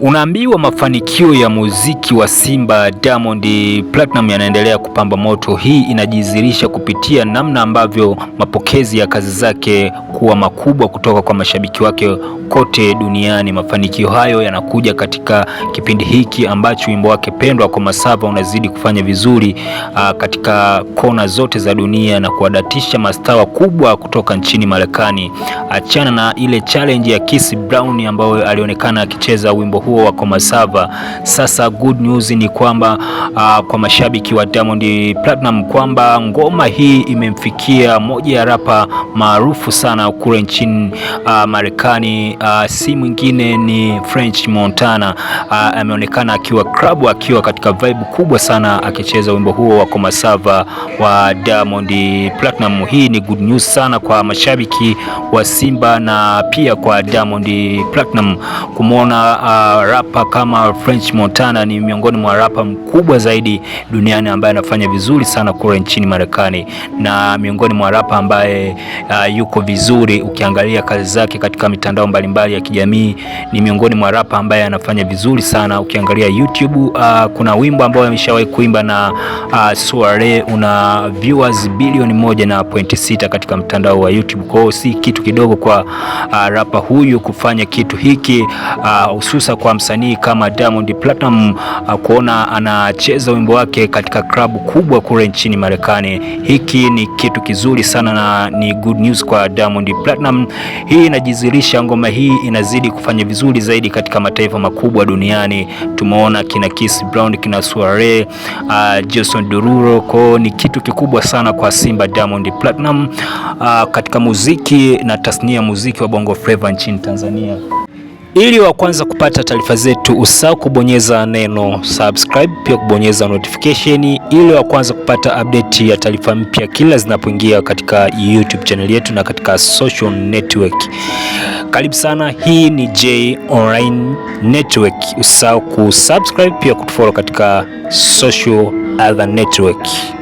Unaambiwa mafanikio ya muziki wa Simba Diamond Platinum yanaendelea kupamba moto. Hii inajidhihirisha kupitia namna ambavyo mapokezi ya kazi zake kuwa makubwa kutoka kwa mashabiki wake kote duniani. Mafanikio hayo yanakuja katika kipindi hiki ambacho wimbo wake pendwa Komasava unazidi kufanya vizuri aa, ah, katika kona zote za dunia na kuwadatisha mastaa kubwa kutoka nchini Marekani. Achana na ile challenge ya Kiss Brown ambayo alionekana akicheza wimbo huo wa Komasava. Sasa good news ni kwamba uh, kwa mashabiki wa Diamond Platinum kwamba ngoma hii imemfikia moja ya rapa maarufu sana kule nchini uh, Marekani uh, si mwingine ni French Montana uh, ameonekana akiwa club akiwa katika vibe kubwa sana akicheza wimbo huo wa Komasava wa Diamond Platinum. Hii ni good news sana kwa mashabiki wa Simba na pia kwa Diamond Platinum kumwona uh, rapa kama French Montana ni miongoni mwa rapa mkubwa zaidi duniani ambaye anafanya vizuri sana kule nchini Marekani, na miongoni mwa rapa ambaye uh, yuko vizuri, ukiangalia kazi zake katika mitandao mbalimbali ya kijamii, ni miongoni mwa rapa ambaye anafanya vizuri sana. Ukiangalia YouTube uh, kuna wimbo ambao ameshawahi kuimba na uh, Suare una viewers bilioni moja na point sita katika mtandao wa YouTube. Kwa si kitu kidogo kwa uh, rapa huyu kufanya kitu hiki hususa uh, kwa msanii kama Diamond Platinum uh, kuona anacheza wimbo wake katika klabu kubwa kule nchini Marekani. Hiki ni kitu kizuri sana na ni good news kwa Diamond Platinum. Hii inajizilisha ngoma hii inazidi kufanya vizuri zaidi katika mataifa makubwa duniani. Tumeona kina Chris Brown, kina Suare, uh, Jason Derulo, ko ni kitu kikubwa sana kwa Simba Diamond Platinum uh, katika muziki na tasnia ya muziki wa Bongo Flava nchini Tanzania. Ili wa kwanza kupata taarifa zetu, usahau kubonyeza neno subscribe, pia kubonyeza notification ili wa kwanza kupata update ya taarifa mpya kila zinapoingia katika YouTube channel yetu na katika social network. Karibu sana, hii ni J Online Network. Usahau kusubscribe, pia kutufollow katika social other network.